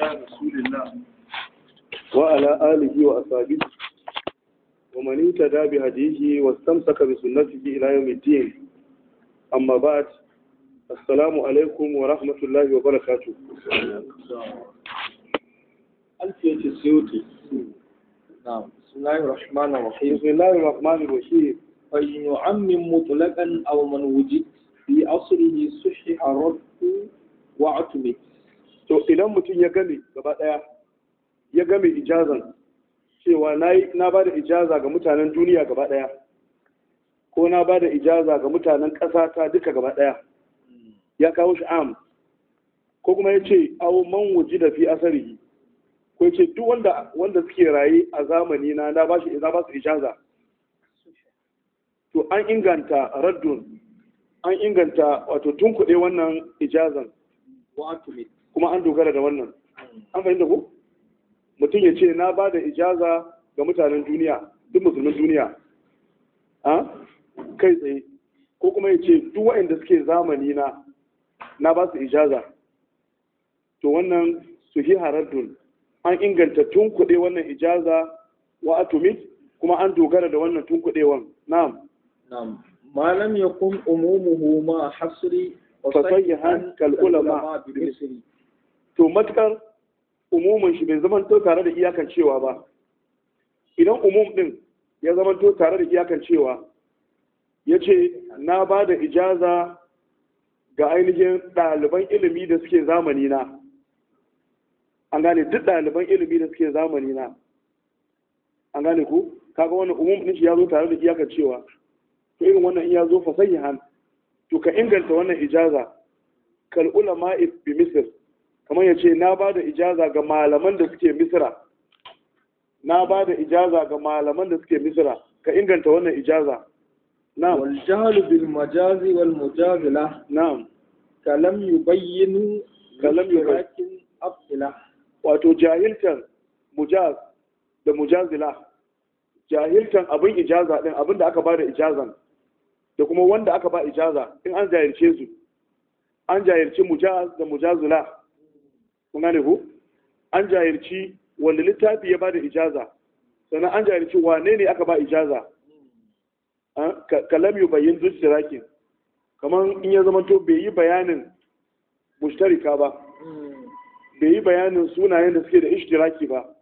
على رسول الله وعلى آله وأصحابه ومن اهتدى بهديه واستمسك بسنته إلى يوم الدين أما بعد السلام عليكم ورحمة الله وبركاته ألفية نعم بسم الله الرحمن الرحيم بسم الله الرحمن الرحيم فإن يعمم مطلقا أو من وجد في أصله صحيح رد وعتمت to idan mutum ya game gaba ɗaya ya game ijazan cewa na ba da ijaza ga mutanen duniya gaba ɗaya ko na ba da ijaza ga mutanen ƙasa ta duka gaba ɗaya ya kawo shi am ko kuma ya ce awo man wuji da fi asari ko ya ce duk wanda wanda suke raye a zamani na na ba shi na ba su ijaza to an inganta raddun an inganta wato tunkuɗe wannan ijazan wa atumit kuma an dogara da wannan an fahimta ko mutum ya ce na ba da ijaza ga mutanen duniya duk musulmin duniya a ah? kai tsaye ko kuma ya ce duk waɗanda suke zamani na na ba su ijaza to wannan su hi haraddun an inganta tun kuɗe wannan ijaza wa atomik kuma an dogara da wannan tun kuɗewan na'am na'am malam yakun umumuhu ma hasri wa sayyihan kal ulama bi misri to matukar umumin shi bai zamanto tare da iyakan cewa ba idan umum din ya zamanto tare da iyakan cewa ya ce na ba da ijaza ga ainihin ɗaliban ilimi da suke zamani na an gane duk ɗaliban ilimi da suke zamani na an gane ku kaga wannan umum din shi ya zo tare da iyakan cewa to irin wannan in ya zo hannu. to ka inganta wannan ijaza kal ulama bi misr kamar ya ce na ba da ijaza ga malaman da suke misira na ba da ijaza ga malaman da suke misira ka inganta wannan ijaza na'am wal jahl bil majazi wal mujazila na'am kalam yubayyinu kalam yubayyin afila wato jahiltan mujaz da mujazila jahiltan abin ijaza din abin da aka ba da ijazan da kuma wanda aka ba ijaza in an jahilce su an jahilci mujaz da mujazila kuna ne ko an jayarci wanda littafi ya bada ijaza sannan an jayarci wane ne aka ba ijaza ah, kalam yu bayyin zucirakin kamar in ya zama to bai yi bayanin mushtarika ba hmm. bai yi bayanin sunayen da suke da ishtiraki ba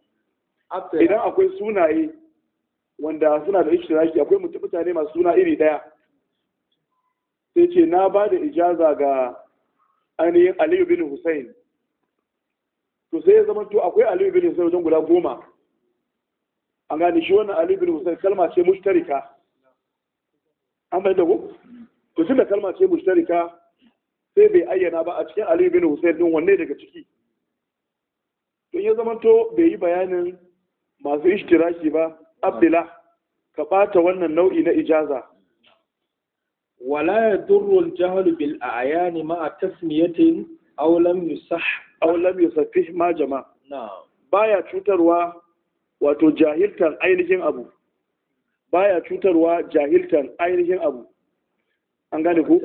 idan akwai sunaye wanda suna da ishtiraki akwai mutane masu suna iri daya sai ce na ba da ijaza ga ainihin aliyu bin hussein to sai ya zama to akwai aliyu bin husayn wajen guda goma an gani shi wannan aliyu bin husayn kalma ce mushtarika an bai da ku to tunda kalma ce mushtarika sai bai ayyana ba a cikin aliyu bin husayn din wanne daga ciki to ya zama to bai yi bayanin masu ishtiraki ba abdullah ka bata wannan nau'i na ijaza wala yadurru al-jahl bil a'yan ma'a tasmiyatin aw lam yusah aw lam yusaffih ma jama baya cutarwa wato jahiltan ainihin abu baya cutarwa jahiltan ainihin abu an gane ku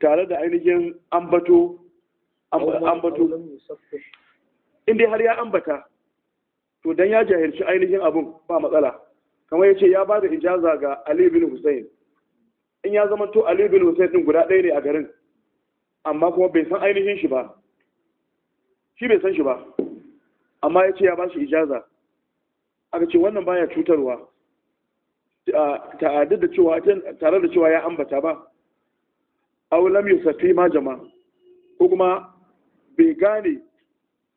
tare da ainihin ambato ambato inda har ya ambata to dan ya jahilci ainihin abun ba matsala kamar yace ya bada ijaza ga Ali bin Hussein in ya zama to Ali bin Hussein din guda ɗaya ne a garin amma kuma bai san ainihin shi ba shi bai san shi ba amma ya ce ya ba shi ijaza aka ce wannan baya cutarwa ta'adar da cewa tare da cewa ya ambata ba aw lam yusafi ma jama'a ko kuma bai gane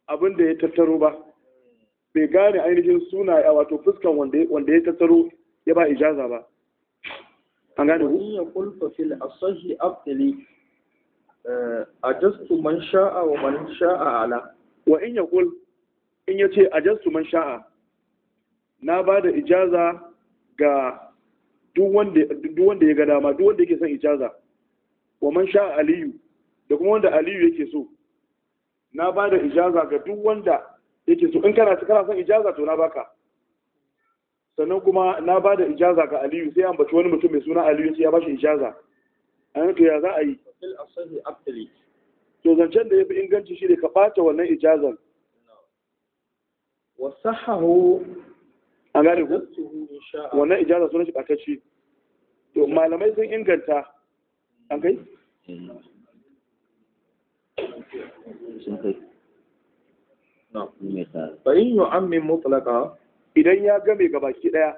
abin da ya tattaro ba bai gane ainihin suna a wato fuskan wanda ya tattaro ya ba ijaza ba an gane ku ya kulfa fil asahi afdali Eh, ajastu man sha'a wa man sha'a ala wa in ya kul in ya ce ajastu man sha'a na ba da ijaza ga duk wanda ya ga dama duk wanda yake son ijaza wa man sha'a aliyu da kuma wanda aliyu yake so na ba da ijaza ga duk wanda yake so in kana kana son ijaza to na baka sannan kuma na ba da ijaza ga aliyu sai an bace wani mutum mai suna aliyu sai ya bashi ijaza an to ya za a yi to zancen da ya fi inganci shi ne ka ɓata wannan ijazan wasahahu a gane ku wannan ijazar suna shi ɓatacci to malamai sun inganta an kai Bayin yi min mutlaka idan ya game ga baki ɗaya.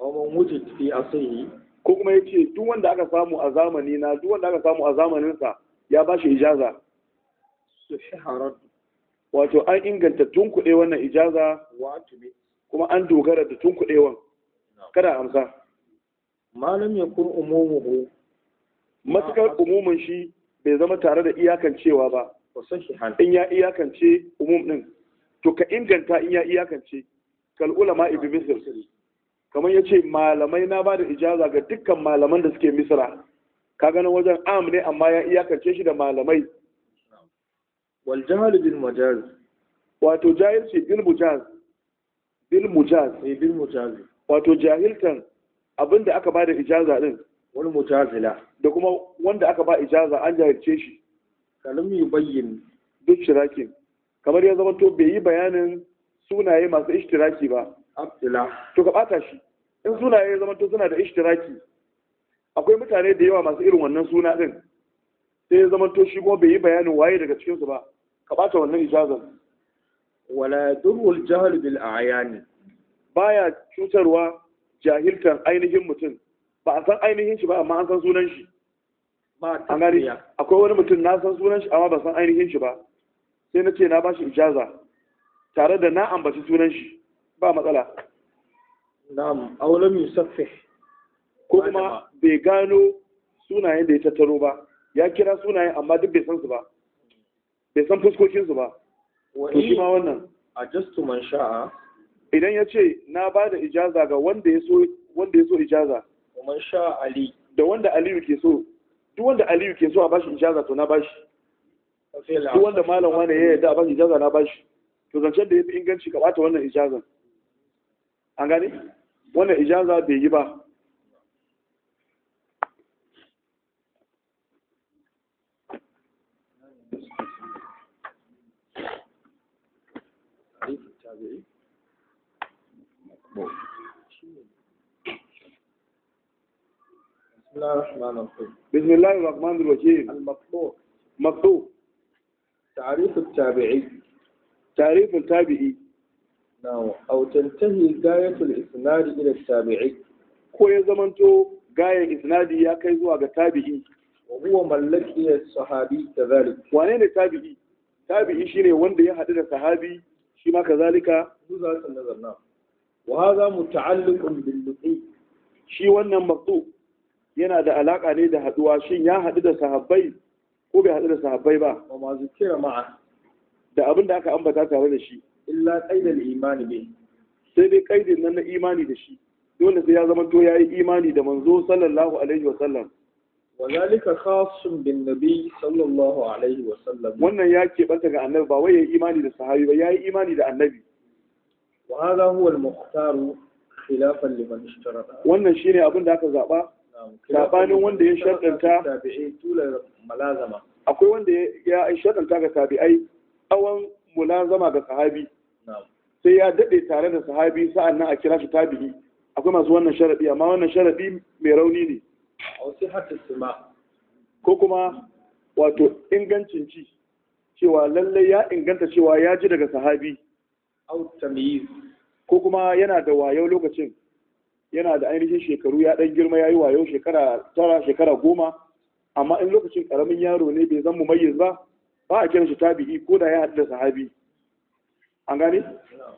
Awon wujud fi asahi ko kuma ya ce duk wanda aka samu a zamani na duk wanda aka samu a zamaninsa ya ba shi ijaza wato an inganta tun kuɗe wannan ijaza kuma an dogara da tun tunkuɗewan kada amsa malam ya kun umumuhu matukar umumin shi bai zama tare da iyakancewa ba in ya iyakance umum din to ka inganta in ya iyakance kal ulama ibn misr kamar ya ce malamai na ba da ijaza ga dukkan malaman da suke misra ka ganin wajen am ne amma ya iyakance shi da malamai wal jahal bil mujaz wato jahilci bil mujaz bil mujaz eh bil mujaz wato jahiltan abinda aka ba da ijaza din wal mujazila da kuma wanda aka ba ijaza an jahilce shi kalam yubayyin duk shirakin kamar ya zama to bai yi bayanin sunaye masu ishtiraki ba to ka bata shi in sunaye ya zama to suna da ishtiraki akwai mutane da yawa masu irin wannan suna din sai ya zama to shi kuma bai yi bayanin waye daga cikin su ba ka bata wannan ijazan wala durul jahl bil a'yan baya cutarwa jahiltan ainihin mutum ba a san ainihin shi ba amma an san sunan shi an gani akwai wani mutum na san sunan shi amma ba san ainihin shi ba sai na ce na bashi ijaza tare da na ambaci sunan shi ba matsala na'am aulam yusaffih ko kuma bai gano sunayen da ya tattaro ba ya kira sunayen amma duk bai san su ba bai san fuskokin su ba to shi ma wannan ajastu man sha'a idan ya ce na ba da ijaza ga wanda ya so wanda ya so ijaza man sha'a ali da wanda aliyu ke so duk wanda aliyu ke so a bashi ijaza to na bashi duk wanda malam wani ya yarda a bashi ijaza na bashi to zancen da ya fi inganci ka bata wannan ijazan an gane wannan ijaza bai yi ba بسم الله الرحمن الرحيم المطلوب مطلوب تعريف التابعي تعريف التابعي أو تنتهي غاية الإسناد إلى tabi'i ko ya zamanto gayan isnadi ya kai zuwa ga tabi'i wa huwa mallaki sahabi kazalik wane ne tabi'i tabi'i shine wanda ya hadu da sahabi shi ma za su nazar na wa hadha muta'alliqun bil luqi shi wannan maqtu yana da alaka ne da haduwa shin ya hadu da sahabbai ko bai hadu da sahabbai ba wa ma zikira ma'a da abin da aka ambata tare da shi illa qaidal imani ne. sai dai qaidin nan na imani da shi dole sai ya zama to yayi imani da manzo sallallahu alaihi wa sallam wazalika khasun bin nabi sallallahu alaihi wa sallam wannan ya keɓanta ga annabi ba wai ya yi imani da sahabi ba ya yi imani da annabi wa hadha huwa al-mukhtar khilafan liman ishtarata wannan shine abin da aka zaba Zabanin wanda ya shaddanta tabi'i tula malazama akwai wanda ya shaddanta ga tabi'ai tsawon mulazama ga sahabi sai ya daɗe tare da sahabi sa'an nan a kira shi tabi'i akwai masu wannan sharaɗi amma wannan sharaɗi mai rauni ne ko kuma wato ingancin ci cewa lallai ya inganta cewa ya ji daga sahabi ko kuma yana da wayo lokacin yana da ainihin shekaru ya ɗan girma ya yi wayo shekara tara shekara goma amma in lokacin ƙaramin yaro ne bai zan mu mumayyiz ba ba a kiran shi tabi'i ko da ya haɗu da sahabi an gane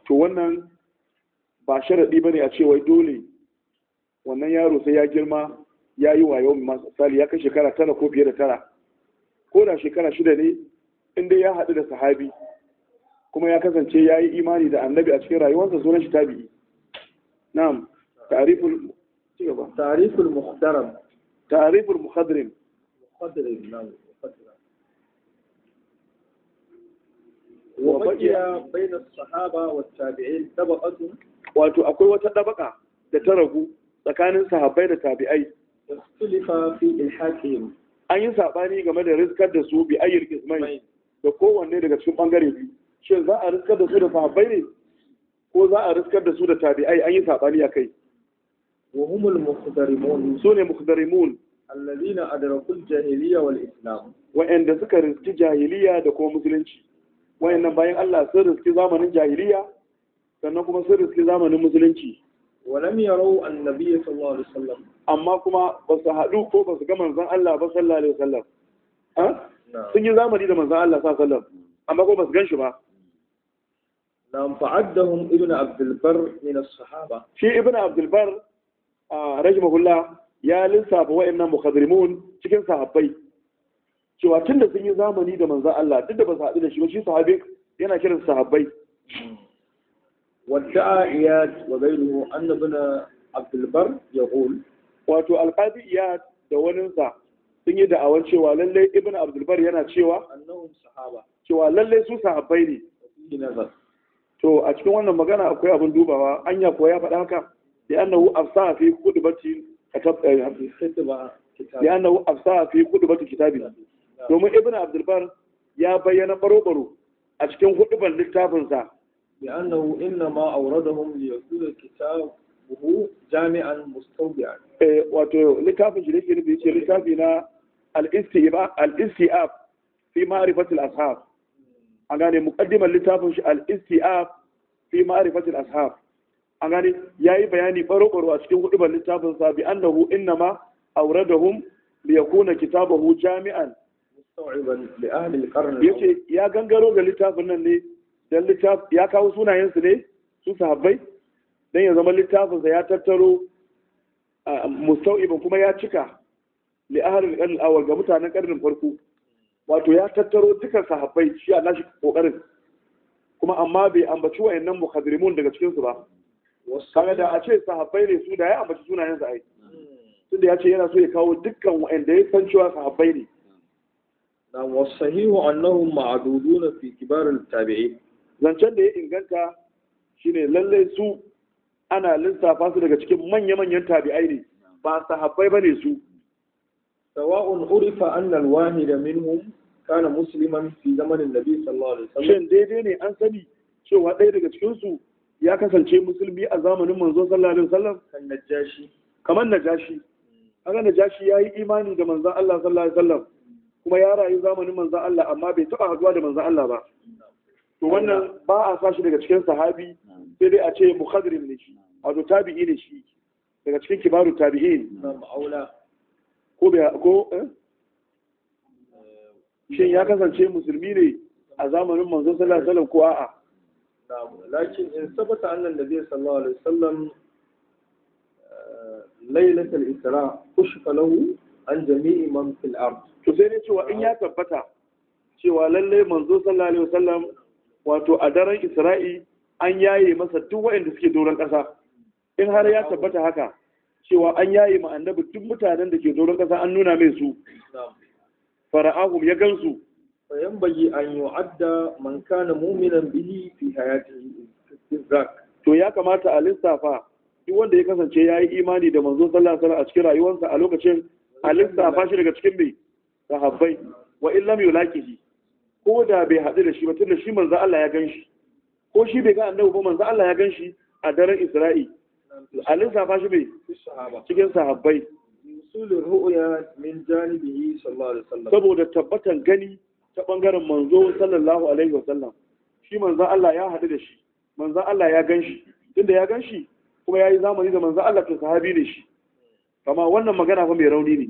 to wannan ba sharaɗi ba ne a cewa dole wannan yaro sai ya girma ya yi wayo misali ya kai shekara tara ko biyar da tara ko da shekara shida ne in dai ya haɗu da sahabi kuma ya kasance ya yi imani da annabi a cikin rayuwarsa sunan shi tabi'i na'am ta'riful ta'riful muhtaram ta'riful muhadrim muhadrim na'am wa baqiya bayna sahaba wa tabi'in tabaqatu wato akwai wata dabaka da ta ragu tsakanin sahabbai da tabi'ai ikhtilafa fi ilhaqihim an yi sabani game da rizkar da su bi ayyul da kowanne daga cikin bangare shin za a rizkar da su da ne ko za a riskar da su da tabi'ai an yi sabani akai wa humul muhtarimun sune muhtarimun alladhina adrakul jahiliya wal islam wa inda suka rizki jahiliya da kuma musulunci wayannan bayan Allah sun riski zamanin jahiliya sannan kuma sun riski zamanin musulunci walam yarau annabi sallallahu alaihi wasallam amma kuma ba su haɗu ko ba su ga manzon Allah ba sallallahu alaihi wasallam sun yi zamani da manzon Allah sallallahu alaihi wasallam amma ko ba su gan shi ba nam fa'addahum ibnu abdul bar min as-sahaba shi ibnu abdul bar rahimahullah ya lissafa wayannan mukhadrimun cikin sahabbai cewa tun da sun yi zamani da manzan Allah duk da ba su haɗu da shi ba shi sahabi yana kiran sahabbai wadda iyad wa gairuhu annabi na abdulbar ya hul wato alƙadi iyad da waninsa sun yi da'awan cewa lallai ibn abdulbar yana cewa sahaba cewa lallai su sahabbai ne to a cikin wannan magana akwai abin dubawa anya kuwa ya faɗa haka da annahu afsa fi kudubati katab da annahu afsa fi kudubati kitabi domin ibn abdulbar ya bayyana baro-baro a cikin huduban littafinsa ma لأنه إنما أوردهم ليكون كتابه جامعا مستوبعا wato littafin shi yake nufi ce littafi na al-istiab fi ma'rifatil ashab an gane muqaddimar littafin shi al-istiab fi ma'rifatil ashab an gane yayi bayani baro baro a cikin hudubar littafin sa bi annahu innama awradahum li yakuna kitabahu jami'an yace ya gangaro ga littafin nan ne dan littafin ya kawo sunayen su ne su sahabbai dan ya zama littafin sa ya tattaro mustau'ibin kuma ya cika li ahlil qarn awal ga mutanen karnin farko wato ya tattaro dukkan sahabbai shi a nashi kokarin kuma amma bai ambaci wayannan mukhadrimun daga cikin su ba kaga da a ce sahabbai ne su da ya ambaci sunayen sa ai tunda ya ce yana so ya kawo dukkan wayanda ya san cewa sahabbai ne والصحيح annahum معدودون في كبار التابعين zancen da ya inganta ne lallai su ana lissafa su daga cikin manya-manyan tabi'ai ne ba sahabbai bane su sawa'un urifa anna al-wahida minhum kana musliman fi zamanin nabi sallallahu alaihi wasallam shin daidai ne an sani cewa ɗaya daga cikin su ya kasance musulmi a zamanin manzo sallallahu alaihi wasallam kan najashi kamar najashi kaga najashi yayi imani da manzon Allah sallallahu alaihi wasallam kuma ya rayu zamanin manzan Allah amma bai taɓa haduwa da manzan Allah ba to wannan ba a sashi daga cikin sahabi sai dai a ce muhadirin ne shi wato tabi'i ne shi daga cikin kibaru ne. ko bai ko eh? shin ya kasance musulmi ne a zamanin manzon sallallahu alaihi wasallam ko a'a lakin in eh, sabata annan zai sallallahu alaihi wasallam eh, lailatul isra kushfa lahu an jami'i man fil ard to sai dai cewa in ya tabbata cewa lallai manzo sallallahu alaihi wasallam wato a daren Isra'i an yaye masa duk waɗanda suke doron ƙasa in har ya tabbata haka cewa an yaye ma annabi duk mutanen da ke doron ƙasa an nuna mai su fara'ahum ya gansu fayan bayi an wa'adda man kana mu'minan bihi fi hayatihi to ya kamata a lissafa duk wanda ya kasance ya yi imani da manzo sallallahu alaihi wasallam a cikin rayuwarsa a lokacin a lissafa shi daga cikin mai sahabbai wa in lam yulaqihi ko da bai haɗu da shi ba tunda shi manzo Allah ya ganshi ko shi bai ga annabi ba manzo Allah ya ganshi a daren Isra'i alin safa shi bai cikin sahabbai usulul ru'ya min janibihi sallallahu alaihi wasallam saboda tabbatan gani ta bangaren manzo sallallahu alaihi wasallam shi manzo Allah ya haɗu da shi manzo Allah ya ganshi tunda ya ganshi kuma ya yi zamani da manzo Allah to sahabi ne shi kama wannan magana fa mai rauni ne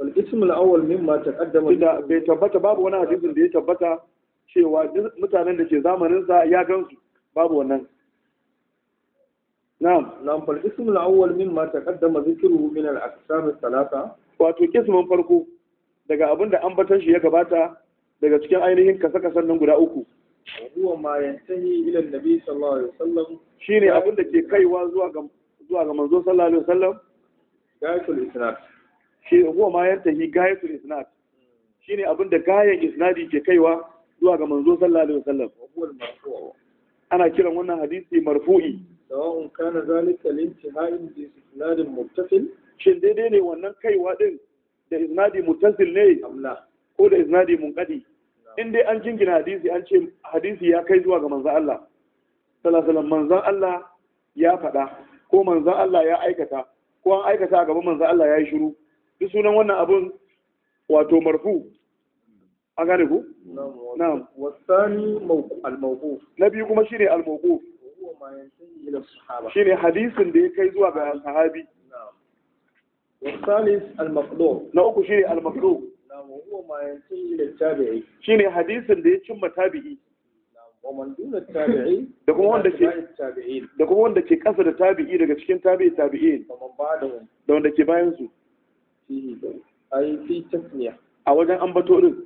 wal الاول مما تقدم اذا taqaddama باب وانا tabbata babu wani شيوا da ya tabbata cewa duk mutanen da ke zamanin ya gansu babu wannan نعم نعم fal الاول مما تقدم ذكره من الاقسام الثلاثه واتو wato farko daga abin da ambatan shi ya gabata daga cikin ainihin kasa-kasan nan guda uku huwa ma yantahi ila nabi sallallahu alaihi wasallam shine abin da ke kaiwa zuwa ga zuwa ga manzo sallallahu alaihi wasallam isnad ke huwa ma yanta hi gayatul isnad shine abin da gayan isnadi ke kaiwa zuwa ga manzo sallallahu alaihi wasallam ana kiran wannan hadisi marfu'i sawa'un kana zalika tihain bi isnadin muttasil shin daidai ne wannan kaiwa din da isnadi muttasil ne ko da isnadi munqadi in dai an jingina hadisi an ce hadisi ya kai zuwa ga manzo Allah sallallahu alaihi manzon Allah ya faɗa ko manzon Allah ya aikata ko an aikata a gaban manzon Allah ya yi shiru duk sunan wannan abun wato marfu an gane ku na'am wasani al-mawquf na biyu kuma shine al-mawquf shine hadisin da ya kai zuwa ga sahabi والثالث المقلوب نأكو شيء المقلوب نعم وهو ما ينتهي إلى التابعي شيء حديث اللي يتم تابعي ومن دون التابعي da kuma wanda ke da kuma wanda ke kasa da tabi'i daga cikin tabi'i tabi'in da wanda ke bayan su fihi ai fi tasmiya a wajen ambato din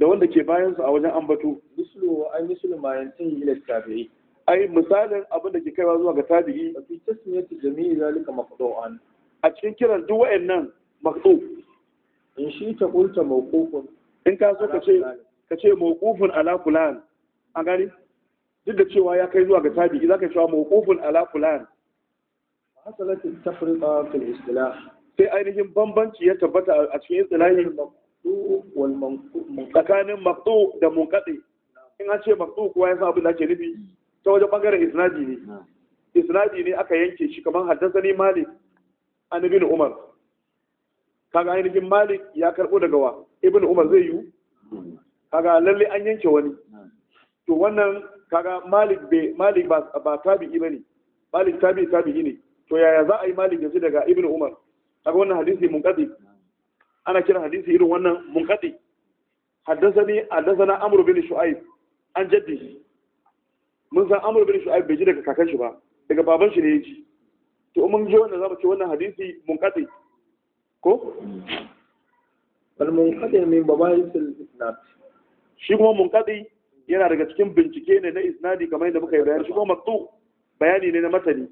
da wanda ke bayan su a wajen ambato mislu ai mislu ma yantahi ila tabi'i ai misalin abin da ke kaiwa zuwa ga tabi'i fi tasmiyati jami'i zalika maqdu'an a cikin kiran duk wayannan maqdu in shi ta qulta mawqufun in ka so ka ce ka ce mawqufun ala fulan an gani duk da cewa ya kai zuwa ga tabi'i zaka cewa mawqufun ala fulan hasalat tafriqa fil istilah sai ainihin bambanci ya tabbata a cikin istilahi tsakanin maktu da munkaɗe in an ce maktu kuwa ya san abin da ake nufi ta wajen bangaren isnadi ne isnadi ne aka yanke shi kamar haddasani malik an ibn umar kaga ainihin malik ya karɓo daga wa ibn umar zai yi kaga lalle an yanke wani to wannan kaga malik be malik ba ba tabi'i bane malik tabi'i tabi'i ne to yaya za a yi malik yanzu daga ibn umar kaga wannan hadisi munqati ana kira hadisi irin wannan munqati haddasani haddathana amr bin shu'aib an jaddi mun san amr bin shu'aib bai ji daga kakan shi ba daga baban shi ne ya ji to mun ji wannan zamu ce wannan hadisi munqati ko bal ne min baba'is al-isnad shi kuma munqati yana daga cikin bincike ne na isnadi kamar yadda muka yi bayani shi kuma matsu bayani ne na matani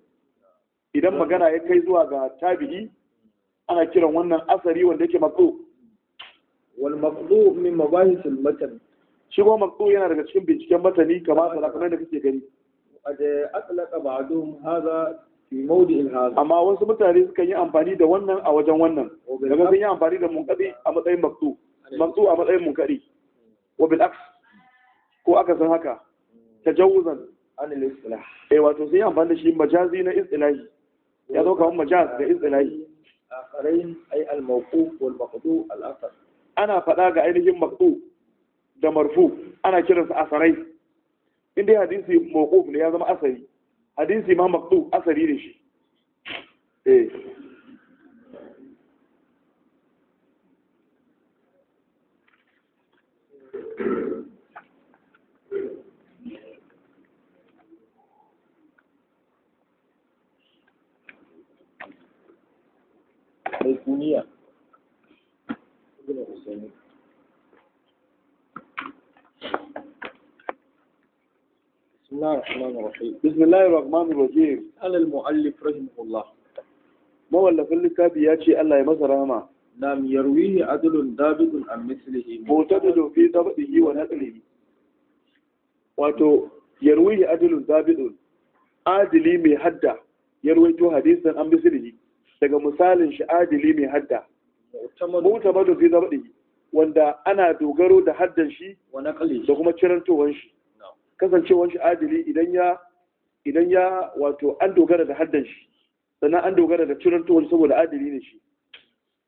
idan magana ya kai zuwa ga tabi'i ana kiran wannan asari wanda yake matsu wal matsu min mabahis al matan shi kuma matsu yana daga cikin binciken matani kamar sana kamar da kake gani da atlaka ba'dum hadha fi mawdi'in hadha amma wasu mutane suka yi amfani da wannan a wajen wannan daga sun yi amfani da munqadi a matsayin matsu matsu a matsayin munqadi wa bil aks ko aka san haka hmm. tajawuzan an al istilah eh wato sun yi amfani da shi majazi na istilahi ya zo kamar majaz da istilahi الموقوف ana faɗa ga ainihin maqdu da marfu ana kiransa asarai in dai hadisi mawquf ne ya zama asari hadisi ma maqdu asari ne shi الأيقونية بسم الله الرحمن الرحيم بسم الله الرحمن الرحيم قال المؤلف رحمه الله ما ولا في الكتاب ياتي الله يمسر رحمه نعم يرويه عدل دابد عن مثله معتدل في ضبطه ونقله واتو يرويه عدل دابد adili mai hadda ya ruwaito hadisan an daga misalin shi adili mai hadda mutamadu fi ɗaya, wanda ana dogaro da haddan shi da kuma cirantowar shi kasancewar shi adili idan ya idan ya wato an dogara da haddan shi sannan an dogara da cirantowar saboda adili ne shi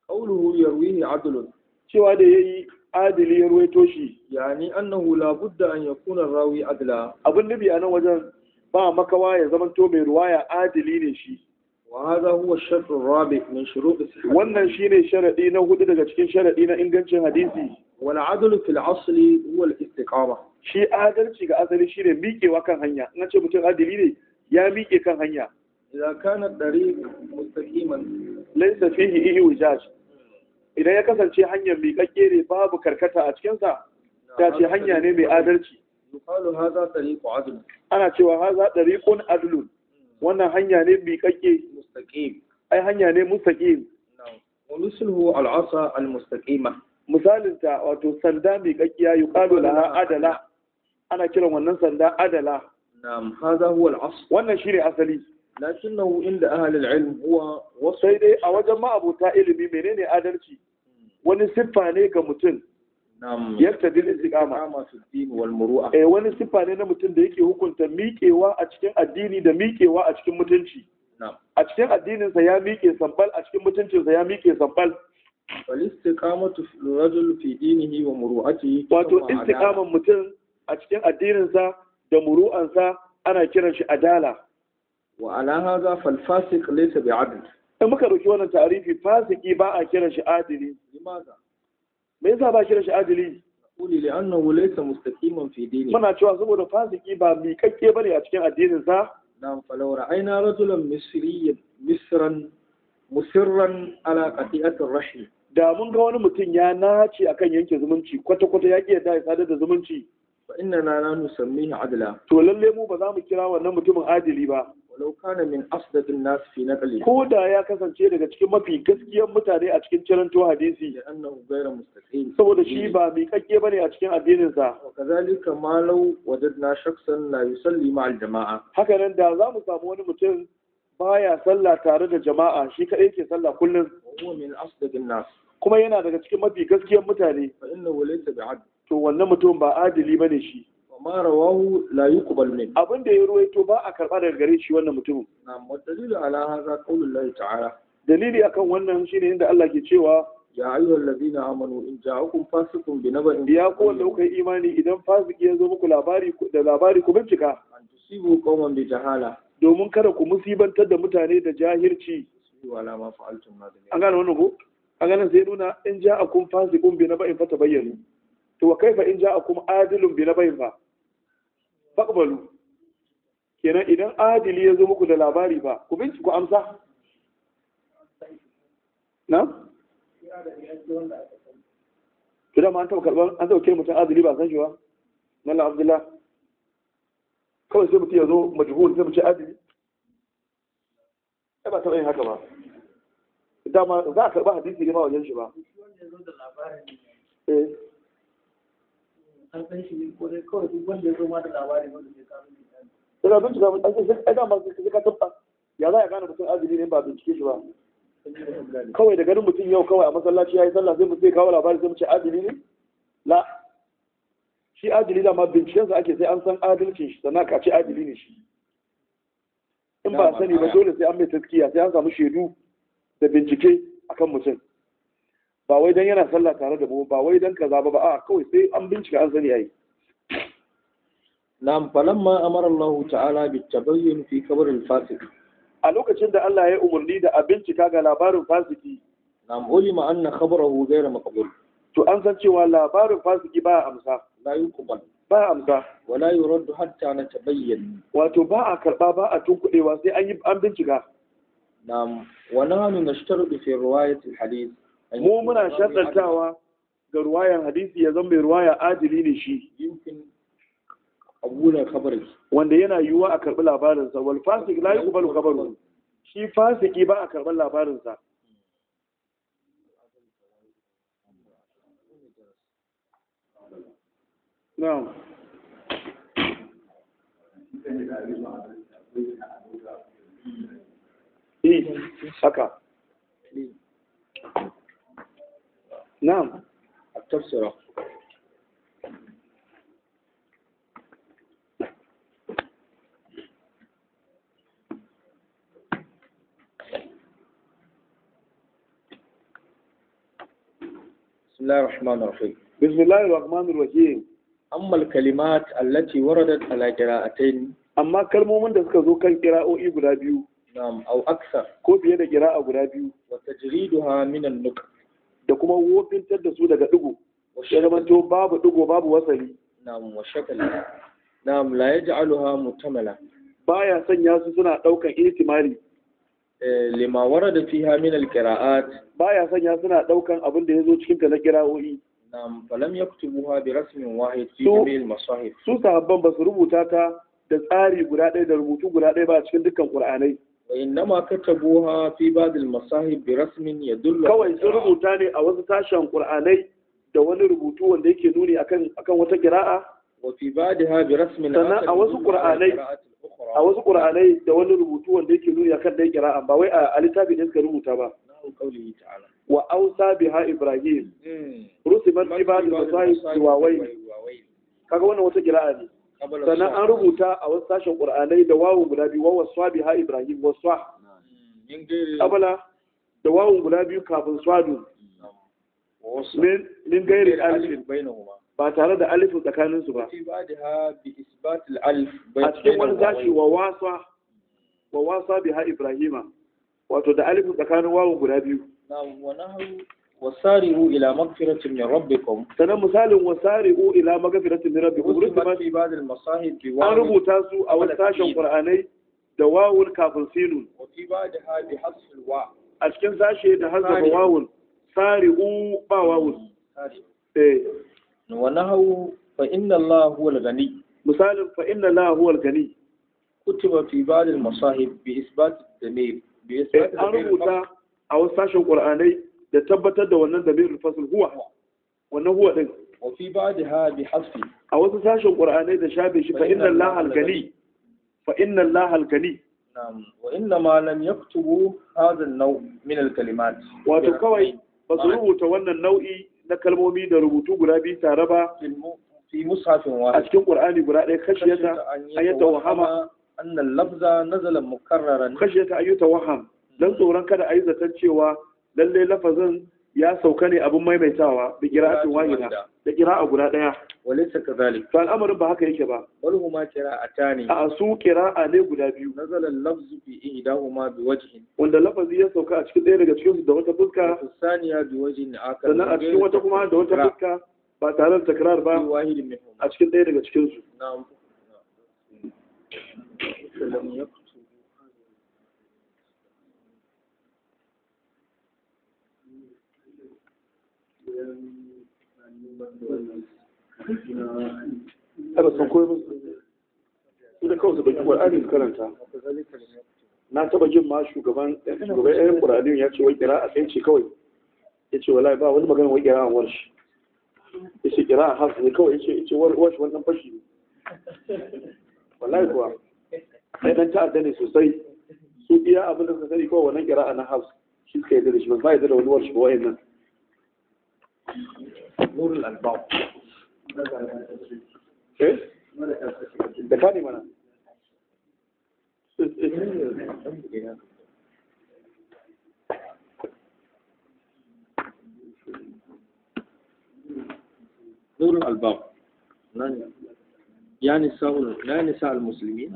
qawluhu yarwihi adilun cewa da ya yi adili ya ruwaito shi yani annahu la budda an yakuna rawi adila abin nabi a nan wajen ba makawa ya zamanto mai ruwaya adili ne shi وهذا هو الشرط الرابع من شروط الصحة wannan shine sharadi na hudu daga cikin sharadi na ingancin hadisi wal adl fil asl huwa al istiqama shi adalci ga asali shine miƙewa kan hanya in ce mutum adili ne ya miƙe kan hanya idan kana dariq mustaqiman laysa fihi iwijaj idan ya kasance hanyar miƙaƙƙe ne babu karkata a cikin sa ta ce hanya ne mai adalci yuqalu hadha tariqu adl ana cewa hadha tariqun adlun wannan hanya ne miƙaƙe kake? ai hanya ne mustaqim wa misluhu al-asa al-mustaqima wato sanda miƙaƙiya yuqalu laha adala ana kiran wannan sanda adala na'am hadha huwa al-asl wannan shine asali lakinnahu inda ahli al sai dai a wajen ma'abuta ilimi menene adalci hmm. wani siffa ne ga mutum Yarta dil istiqama eh wani sifa ne na mutum da yake hukunta miƙewa a cikin addini da miƙewa a cikin mutunci a cikin addininsa ya miƙe sambal a cikin mutuncinsa ya miƙe sambal wal istiqamatu rajul fi dinihi wa muru'atihi wato istiqaman mutum a cikin addininsa da muru'ansa ana kiran shi adala wa ala hadha fal fasiq laysa bi'adl in muka dauki wannan ta'arifi fasiki ba a kiran shi adili limaza me yasa ba shi rashin adili kuli li annahu laysa mustaqiman fi dini muna cewa saboda fasiki ba miƙaƙƙe bane a cikin addinin sa na'am falaw ra'ayna rajulan misriyyan misran musirran ala qati'atir rashi da mun ga wani mutum ya nace akan yanke zumunci kwata kwata ya yarda ya sadar da zumunci fa inna na nusammihi adla to lalle mu ba za mu kira wannan mutumin adili ba walau kana min asdaqin nas fi naqli ko da ya kasance daga cikin mafi gaskiyar mutane a cikin ciranto hadisi annahu ghayra saboda shi ba mai kakke bane a cikin addinin sa kazalika malau wajadna na la yusalli ma'al jama'a haka nan da za mu samu wani mutum baya sallah tare da jama'a shi kadai ke sallah kullum huwa min asdaqin nas kuma yana daga cikin mafi gaskiyar mutane fa innahu laysa bi'ad to wannan mutum ba adili ne shi ma wahu la yuqbal min abin da ya ruwaito ba a karɓa daga gare shi wannan mutumin na'am wa dalilu ala hadha qaulullahi ta'ala dalili akan wannan shine inda Allah ke cewa ya ayyuhal ladina amanu in ja'akum fasikun bi nabain ya ku wanda kuka yi imani idan fasiki ya zo muku labari da labari ku bincika an tusibu qauman bi jahala domin kada ku musibantar da mutane da jahilci wala ma fa'altum nadimi an gane wannan ko an gane sai nuna in ja'akum fasikun bi nabain fa tabayyanu to wa kaifa in ja'akum adilun bi nabain fa faqbalu kenan idan adili ya zo muku da labari ba ku binci ku amsa na to dama ma an taɓa karɓar an taɓa kira mutum adili ba san shi ba mala abdullah kawai sai mutum ya zo majhul sai mu adili ai ba taɓa yin haka ba dama za a karɓa hadisi ne ma wajen shi ba eh kawai duk wanda ya zo ma da labari wanda zai kawo ne sai bincika mun ake sai ka ya za gane mutum azumi ne ba bincike shi ba kawai da ganin mutum yau kawai a masallaci ya yi sallah sai mutum ya kawo labari sai mu ce azumi ne la shi adili da ma bincikensa ake sai an san adalcin shi sannan ka ce adili ne shi in ba sani ba dole sai an mai taskiya sai an samu shaidu da bincike akan mutum ba wai dan yana sallah tare da mu ba wai dan kaza ba ba a kawai sai an bincika an sani ai nam falamma amara Allah ta'ala bi tabayyin fi qabr al-fasiq a lokacin da Allah ya umarni da a bincika ga labarin fasiki nam ulima anna khabaruhu ghayra maqbul to an san cewa labarin fasiki ba amsa la yuqbal ba amsa wala yurad hatta na tabayyan wato ba a karba ba a tunkudewa sai an yi an bincika nam wa nahnu nashtaru fi riwayat al-hadith mu muna shaddantawa ga ruwayan hadisi ya zama ruwaya adili ne shi wanda yana yiwuwa a karɓi labarinsa wal fasik la yuqbalu kabaru shi fasiki ba a karɓar labarinsa na'am eh haka نعم التبصرة بسم الله الرحمن الرحيم بسم الله الرحمن الرحيم أما الكلمات التي وردت على قراءتين أما كلمة من دسك زو كان قراءة إبرابيو نعم أو أكثر كوبية قراءة إبرابيو وتجريدها من النكت da kuma wofintar da su daga digo ya to babu digo babu wasali na'am wa shakala na'am la yaj'aluha mutamala baya sanya su suna daukan ihtimali eh, lima warada fiha min alqira'at baya sanya suna daukan abin da yazo cikin ta na kira'o'i na'am falam yaktubuha bi rasmin wahid fi jami'il masahif su sahabban basu rubuta ta da tsari guda ɗaya da rubutu guda ɗaya ba cikin dukkan qur'anai wa innama katabuha fi masahib bi rasmin kawai sun rubuta ne a wasu tashan qur'anai da wani rubutu wanda yake nuni akan akan wata qira'a wa fi bi rasmin sannan a wasu qur'anai a wasu qur'anai da wani rubutu wanda yake nuni akan dai qira'a ba wai a littafin ne suka rubuta ba wa ausa biha ibrahim hmm. rus'iman masahib kaga ne sannan an rubuta a wasu sashen ƙur'anai da wawun guda biyu wawan swabi ha ibrahim waswa hmm, kabala da wawun guda biyu kafin swadu hmm, min gairi alifin ba tare da alifin tsakaninsu ba a cikin wani zashi wa wasa wa wasa biha ibrahima wato da alifin tsakanin wawun guda biyu wasari'u ila magfiratin min rabbikum sanan misalin wasari'u ila magfiratin min rabbikum rutuba fi ba'd al-masahib bi wa rubuta su a wani sashen qur'anai da wawun kafin sinun wa fi ba'daha bi hasfil wa a cikin sashe da hazafa wawun sari'u ba wawun eh wa nahu fa inna Allah huwa al-ghani misalin fa inna Allah huwa al-ghani kutiba fi ba'd al-masahib bi isbat ad-damir bi isbat eh, ad-damir an rubuta a wasu sashen qur'anai da tabbatar da wannan damirul fasl huwa wannan huwa din a wasu sashen qur'anai da shafe shi fa inna allaha wato kawai ba su rubuta wannan nau'i na kalmomi da rubutu guda biyu tare ba fi mushafin a cikin guda ɗaya ayyata wahama ayyata waham don tsoron kada ayi zaton cewa lalle lafazin ya sauka ne abin maimaitawa da cikin wahida da a guda daya walisa kadhalik to al'amarin ba haka yake ba wal huma tani a su a ne guda biyu nazala lafzu fi ihdahuma bi wajhin wanda lafazi ya sauka a cikin daya daga cikin su da wata fuska saniya bi wajhin akal sannan a cikin wata kuma da wata fuska ba tare da takrar ba a cikin daya daga cikin su na'am kada sun koyi musu su da kawai su baki ƙwararri su karanta na taɓa jin ma shugaban shugaban ƴan ƙwararri ya ce wai ƙira a tsayin ce kawai ya ce wala ba wani magana wai ƙira a warshi ya ce ƙira a hasu ne kawai ya ce ya ce warshi wannan fashi ne wallahi kuwa sai ɗan ta'adda ne sosai su iya abin da suka sani kawai wannan ƙira a na hasu shi suka yi da shi ba ya da wani warshi ba wa'in nan نور الألباب إيه؟ ده نور الألباب يا نساء لا نساء المسلمين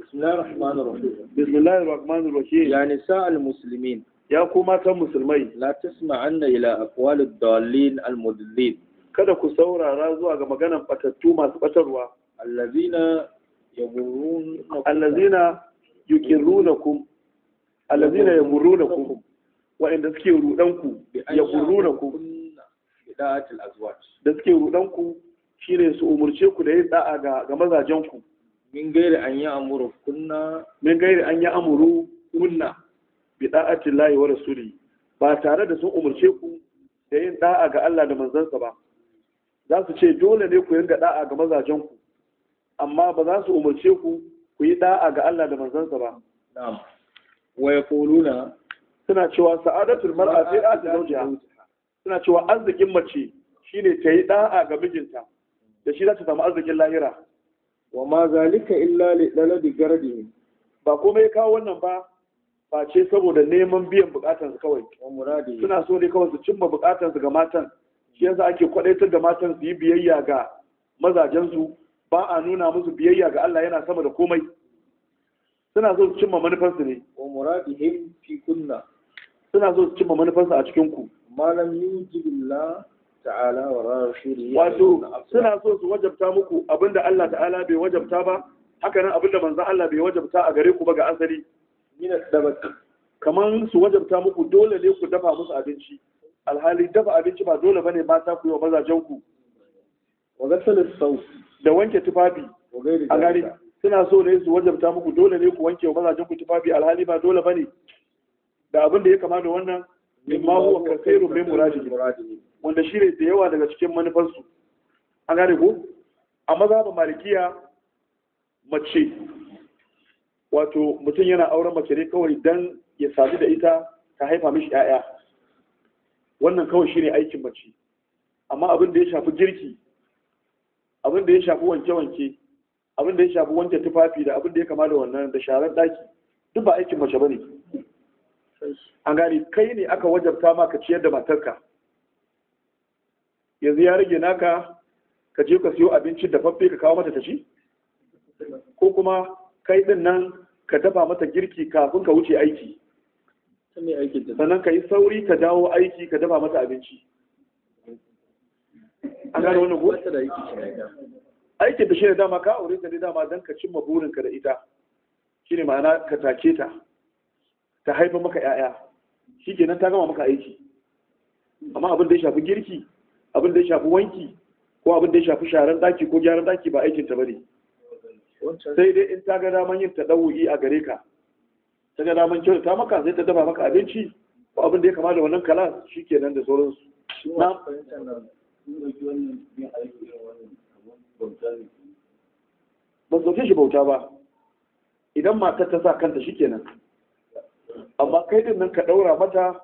بسم الله الرحمن الرحيم بسم الله الرحمن الرحيم يا نساء المسلمين ya kuma ta musulmai la anna ila aqwalid dallin al mudallin kada ku saurara zuwa ga maganan batattu masu batarwa allazina yamurun allazina yukirunakum allazina yamurunakum inda suke rudan ku yamurunakum bidatil azwaj da suke rudan ku shine su umurce ku da yin da'a ga ga mazajen ku min gairi an ya amuru kunna min gairi an ya amuru kunna bi da'atin lahi wa rasuli ba tare da sun umarce ku da yin da'a ga Allah da manzansa ba za su ce dole ne ku ringa da'a ga mazajen ku amma ba za su umarce ku ku yi da'a ga Allah da manzansa ba na'am wa yaquluna suna cewa sa'adatul mar'a fi da'ati zawjiha suna cewa arzikin mace shine ta yi da'a ga mijinta da shi za ta samu arzikin lahira wa ma zalika illa li daladi gardi ba komai kawo wannan ba face saboda neman biyan bukatansu kawai suna so ne kawai su cimma bukatansu ga matan shi yasa ake kwadaitar da matan su yi biyayya ga mazajensu ba a nuna musu biyayya ga Allah yana sama da komai suna so su cimma manufarsu ne wa hin fi kunna suna so su cimma manufarsu a cikin ku malam yujibillah ta'ala wa rasulihi wato suna so su wajabta muku abinda Allah ta'ala bai wajabta ba haka nan abinda manzon Allah bai wajabta a gare ku ba ga asali kaman su wajabta muku dole ne ku dafa musu abinci alhali dafa abinci ba dole bane mata ku yi wa mazajen ku wa gasal sau da wanke tufafi a gari suna so ne su wajabta muku dole ne ku wanke wa mazajen ku tufafi alhali ba dole bane da abin da ya kama da wannan mimma huwa kasairu min muradi wanda shi ne da yawa daga cikin su an gane ko a mazhabin malikiya mace wato mutum yana auren mace ne kawai dan ya sadu da ita ta haifa mishi 'ya'ya wannan kawai shine aikin mace amma abin da ya shafi girki abin da ya shafi wanke-wanke abin da ya shafi wanke tufafi da abin da ya kama da wannan da sharar daki duk ba aikin mace bane an gane kai ne aka wajabta ma ka ciyar da matarka yanzu ya rage naka ka je ka siyo abinci da fafe ka kawo mata ta ci ko kuma kai din nan ka dafa mata girki kafin ka wuce aiki sannan ka yi sauri ka dawo aiki ka dafa mata abinci an gane wannan ko aikin da shi ne dama ka aure ta ne dama don ka cimma burinka da ita shi ne ma'ana ka take ta ta haifa maka 'ya'ya shi kenan ta gama maka aiki amma abin da ya shafi girki abin da ya shafi wanki ko abin da ya shafi sharan daki ko gyaran daki ba aikin ta ne. sai dai in ta ga daman yin tadawu'i a gare ka ta ga daman ta maka sai ta dafa maka abinci ko abin da ya kama da wannan kala shi nan da sauransu na ban sauke shi bauta ba idan matar ta sa kanta shi nan, amma kai din nan ka ɗaura mata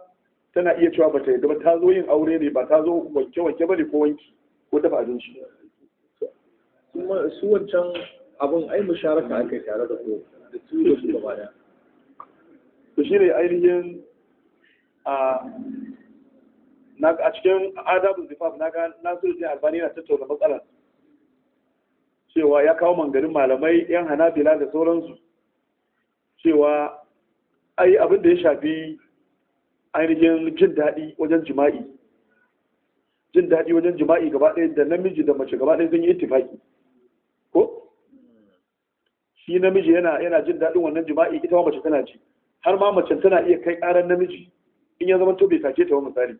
tana iya cewa bata yadda ba ta zo yin aure ne ba ta zo wanke wanke ne ko wanki ko dafa abinci su wancan Abin ai musharaka yi tare da ku da su da su gaba daya to shine ainihin a na a cikin adabul zifaf na ga je Albani yana tattauna matsalar cewa ya kawo mangarin malamai yan Hanabila da sauransu cewa ai abin da ya shafi ainihin jin daɗi wajen jima'i jin daɗi wajen jima'i gaba ɗaya da namiji da mace gaba ɗaya sun yi ittifaki shi namiji yana yana jin daɗin wannan jima'i ita ma mace tana ji har ma mace tana iya kai ƙaran namiji in ya zama to bai sace ta ba misali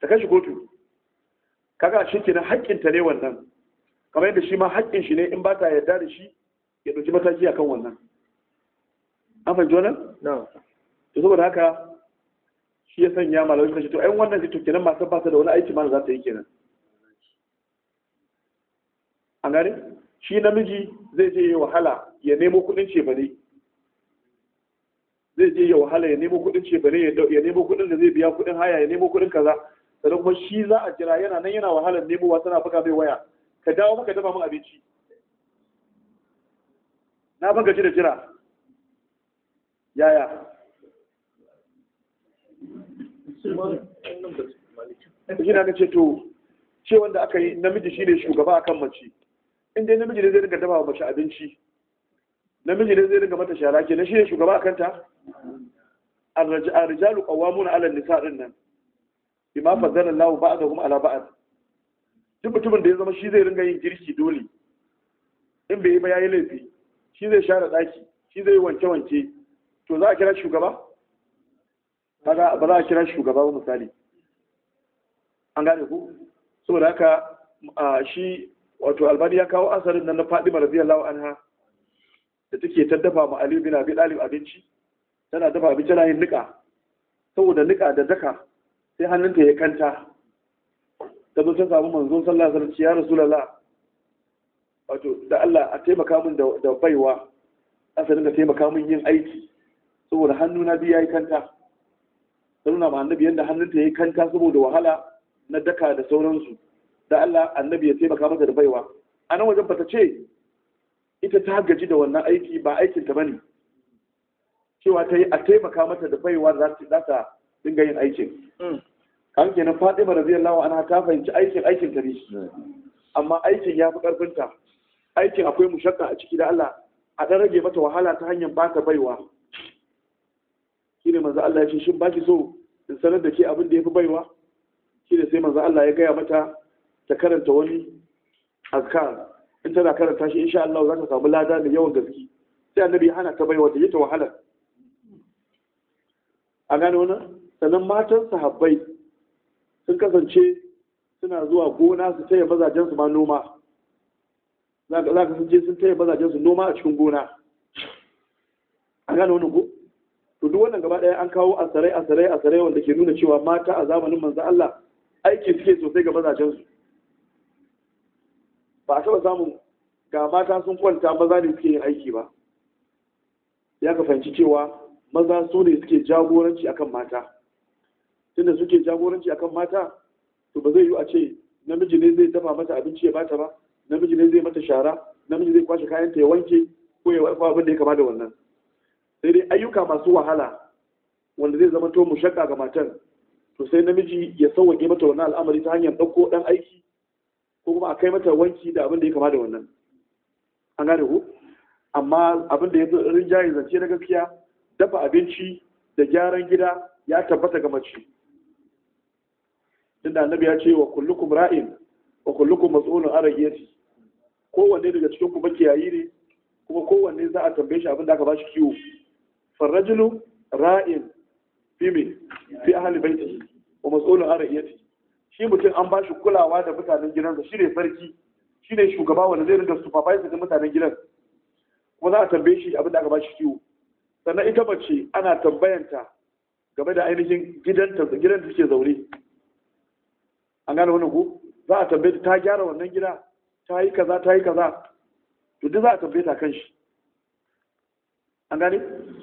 ta kashi kotu kaga shi kenan haƙƙin ta ne wannan kamar yadda shi ma haƙƙin shi ne in ba ta yarda da shi ya ɗauki mataki akan wannan an fahimci wannan to saboda haka shi ya sanya malamai suka ce to ai wannan shi, to kenan masu ba ta da wani aiki ma za ta yi kenan an gane shi namiji zai je ya wahala ya nemo kudin cefane zai je ya wahala ya nemo kudin cefane ya nemo kudin da zai biya kudin haya ya nemo kudin kaza sannan kuma shi za a jira yana nan yana wahalar nemowa tana buga mai waya ka dawo maka dama min abinci na ban gaji da jira yaya shi na ce to ce wanda aka yi namiji shi ne shugaba akan mace in dai namiji ne zai dinga dafa mace abinci namiji ne zai dinga mata shara Ke na shi ne shugaba a kanta الرجال ala nisa din nan bima fadala Allah ba'dahum ala ba'd duk mutumin da ya zama shi zai ringa yin girki dole in bai yi ba yayi laifi shi zai share daki shi zai wanke wanke to za a kira shugaba kaga ba za a kira shugaba ba misali an gane ku saboda haka shi wato albani ya kawo asarin nan na fadima radiyallahu anha da take ta dafa ma ali bin abi dalib abinci tana dafa abinci tana yin nika saboda nika da daka sai hannunta ya kanta ta zo ta samu manzon sallallahu alaihi wasallam ya rasulullah wato da Allah a taimaka min da baiwa asarin da taimaka min yin aiki saboda na biyu yayi kanta ta ma annabi yanda hannunta ya kanta saboda wahala na daka da sauransu da Allah annabi ya taimaka mata da baiwa a nan wajen bata ce ita ta gaji da wannan aiki ba aikin ta bane cewa ta yi a taimaka mata da baiwa za ta dinga yin aikin mm. kan kenan Fatima radiyallahu anha ta fahimci aikin aikin ta ne amma aikin ya fi karfin ta aikin akwai mushakka a ciki da Allah a dan rage mata wahala ta hanyar ba ta baiwa shine manzo Allah ya ce shin baki so in sanar da ke abin da ya fi baiwa shine sai manzo Allah ya gaya mata ta karanta wani azkar in tana karanta shi insha Allah za ka samu lada da yawan gaske sai annabi hana ta bai wata yi wahala a gano wannan sanan matan sahabbai sun kasance suna zuwa gona su taya mazajen su ma noma za ka sun je sun taya mazajen su noma a cikin gona a gano wannan ko to duk wannan gaba ɗaya an kawo asarai asarai asarai wanda ke nuna cewa mata a zamanin manzo Allah aiki suke sosai ga mazajen su ba a taba samun ga mata sun kwanta maza ne suke yin aiki ba ya ka fahimci cewa maza su ne suke jagoranci akan mata tunda suke jagoranci akan mata to ba zai yi a ce namiji ne zai dafa mata abinci ya bata ba namiji ne zai mata shara namiji zai kwashe kayan ta ya wanke ko ya wafa abin da ya kama da wannan sai dai ayyuka masu wahala wanda zai zama to mushakka ga matan to sai namiji ya sauwake mata wannan al'amari ta hanyar ɗauko ɗan aiki ko kuma a kai mata wanki da abin da ya kama da wannan an gane ku amma abin da ya zo rinjaye zance na gaskiya dafa abinci da gyaran gida ya tabbata ga mace inda annabi ya ce wa kullukum ra'in wa kullukum mas'ulun an ragiyati kowanne daga cikin ku makiyayi ne kuma kowanne za a tambaye shi abin da aka ba shi kiwo farajulu ra'in fi me fi ahli baiti wa mas'ulun an ragiyati shi mutum an ba shi kulawa da mutanen gidansa shi ne sarki shi ne shugaba wanda zai rinka supervisor da mutanen gidan kuma za a tambaye shi abin da aka ba shi kiwo sannan ita mace ana tambayanta game da ainihin gidanta gidan da take zaune an gane wannan ko za a tambaye ta gyara wannan gida ta yi kaza ta yi kaza to duk za a tambaye ta kan shi an gane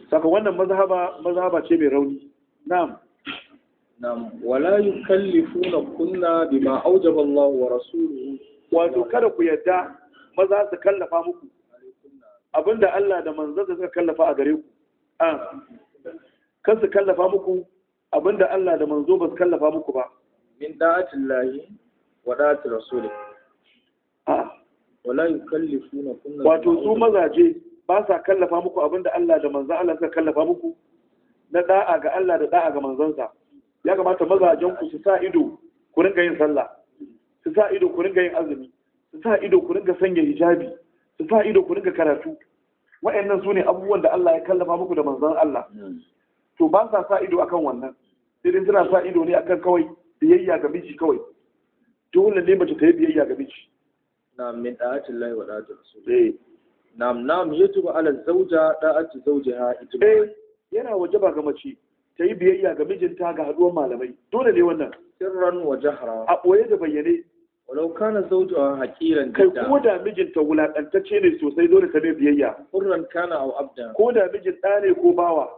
saka wannan mazhaba mazhaba ce mai rauni na'am wala yukallifuna kunna bima aujaba Allah wa rasuluhu wato kada ku yadda maza su kallafa muku abinda Allah da manzon da suka kallafa a gare ku a kan su kallafa muku abinda Allah da manzo ba su kallafa muku ba min da'atillahi wa da'atin rasuli a wala yukallifuna kunna wato su mazaje ba sa kallafa muku abinda Allah da manzon Allah suka kallafa muku na da'a ga Allah da da'a ga manzon sa ya kamata mazajen ku su sa ido ku ringa yin sallah su sa ido ku ringa yin azumi su sa ido ku ringa sanya hijabi su sa ido ku ringa karatu wa'annan su ne abubuwan da Allah ya kallafa muku da manzon Allah hmm. to ba sa sa ido akan wannan sai suna sa ido ne akan kawai biyayya ga miji kawai dole ne mace ta yi biyayya ga miji na'am min da'atin lahi wa da'atin rasul eh na'am na'am yatubu ala zawja da'ati zawjiha ittiba eh yana wajaba ga mace ta yi biyayya ga mijinta ga haduwar malamai dole ne wannan sirran wa jahra a boye da bayyane walau kana zawjuha haqiran kai ko da mijinta wulakantacce ne sosai dole ta mai biyayya hurran kana au abda ko da mijin da ne ko bawa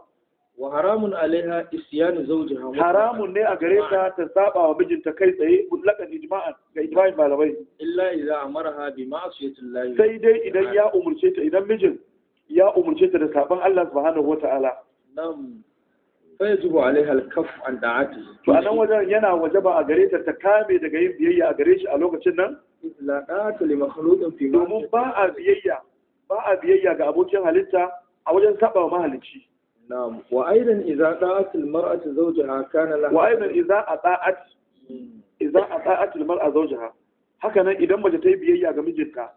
wa haramun alaiha isyanu zawjiha haramun ne a gare ta ta saba wa mijinta kai tsaye mutlaqan ijma'an ga ijma'in malamai illa idza amarha bi ma'siyatillahi sai dai idan ya umurce ta idan mijin ya umurce ta da saban Allah subhanahu wata'ala ba alaiha alkaf an da'ati to a nan wajen yana waje ba a gare ta ta kame daga yin biyayya a gare shi a lokacin nan domin ba a biyayya ga abokin halitta a wajen saba mahalicci na'am wa aidan idza da'at zawjaha idan mace ta yi biyayya ga mijinta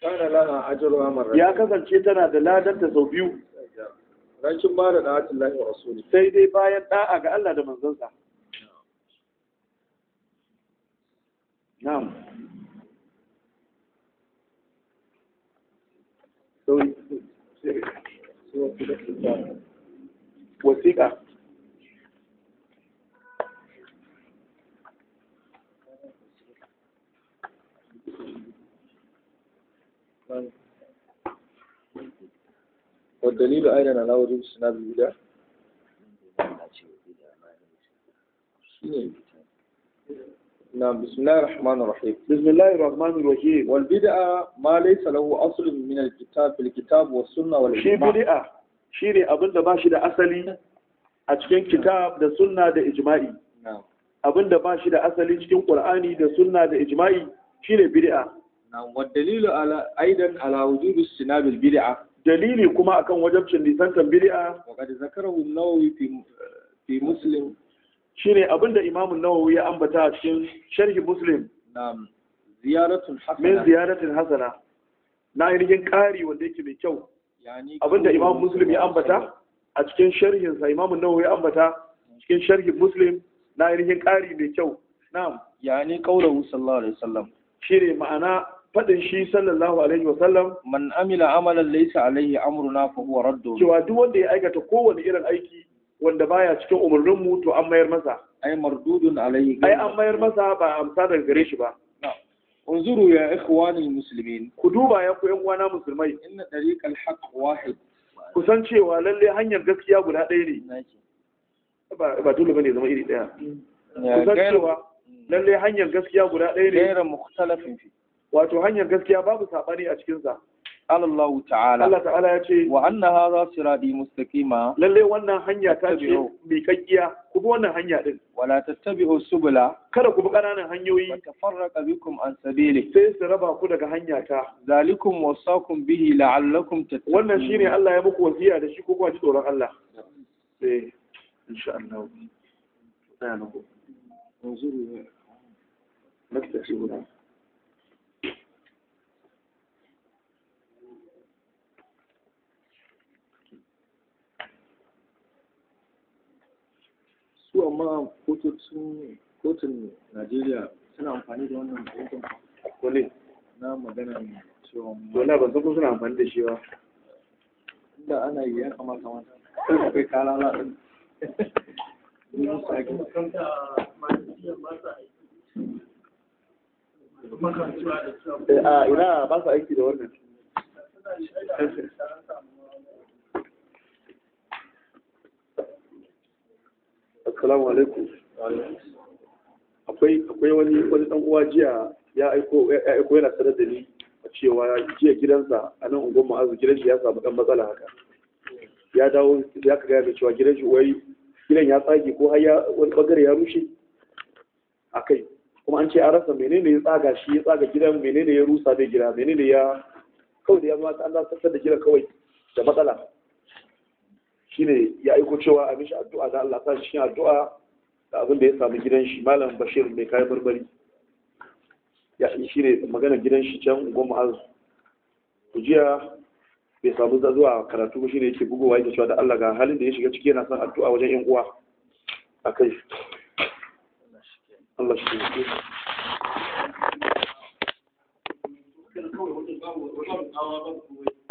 kana ya kasance tana da ladanta sau biyu rancin ba da na'atun lahi wa rasuli sai dai bayan da'a ga Allah da manzansa na'am wasiƙa والدليل أين على وجه استناد البدع؟ نعم بسم الله الرحمن الرحيم بسم الله الرحمن الرحيم والبدعة ما ليس له أصل من الكتاب في الكتاب والسنة والإجماع شي بدعة شي ne abin da ba shi da asali a cikin kitab da sunna da ijma'i abin da ba shi da asali cikin qur'ani da sunna da ijma'i shine bid'a na'am wa dalilu ala aidan ala wujubi istinabil bid'a dalili kuma akan wajabcin nisantar bid'a wa zakarahu nawawi fi muslim shine abinda imamu nawawi ya ambata a cikin sharhi muslim min ziyaratul hasana na ainihin ƙari wanda yake mai kyau abinda imam muslim ya ambata a cikin sharhinsa imam nawawi ya ambata cikin sharhi muslim na ainihin ƙari mai kyau na'am yani qaulahu sallallahu alaihi wasallam shine ma'ana Faɗin shi sallallahu alaihi wa sallam man amila amalan laysa alaihi amruna fa huwa raddu cewa duk wanda ya aikata kowane irin aiki wanda baya cikin umurnin mu to an mayar masa ai mardudun alaihi ai an mayar masa ba amsa daga gare shi ba unzuru ya ikhwani muslimin ku duba ya ku yan uwana musulmai inna tariqal haqq wahid ku cewa lalle hanyar gaskiya guda ɗaya ne ba ba dole bane zama iri ɗaya ku cewa lalle hanyar gaskiya guda ɗaya ne gairan mukhtalafin fi wato hanyar gaskiya babu sabani a cikin sa Allah ta'ala Allah ta'ala ya ce wa anna hadha sirati mustaqima lalle wannan hanya ta ce mai kakkiya ku bi wannan hanya din wala tattabi'u subula kada ku bi kananan hanyoyi wa tafarraqa bikum an sabili sai su raba ku daga hanya ta zalikum wasaqum bihi la'allakum tattaqun wannan shine Allah ya muku wasiya da shi ko ku ji tsoron Allah eh insha Allah sai na ku ne shi su amma kotun najeriya suna amfani da wannan kotun kone na magana cewa na ban san ko suna amfani da shi ba inda ana yi ya kamata mata sai kai kala na din a ina ba su aiki da wannan Assalamu alaikum. Akwai akwai wani wani dan uwa jiya ya aiko ya aiko yana sanar da ni cewa jiya gidansa a nan unguwar ma'azu gidan shi ya samu dan matsala haka. Ya dawo ya kaga ya cewa gidan shi wai gidan ya tsage ko har ya wani bagare ya rushe a kai. Kuma an ce an rasa menene ya tsaga shi ya tsaga gidan menene ya rusa da gida menene ya kawai da ya ma an da gidan kawai da matsala. shine ya aiko cewa a mishi addu'a da Allah ta cikin addu'a da abin da ya samu gidan shi malam bashir mai kayan barbari ya shi ne magana gidan shi can goma azu ku jiya bai samu zuwa karatu shi ne yake bugowa yake cewa da Allah ga halin da ya shiga ciki yana son addu'a wajen yan uwa a kai Allah shi ne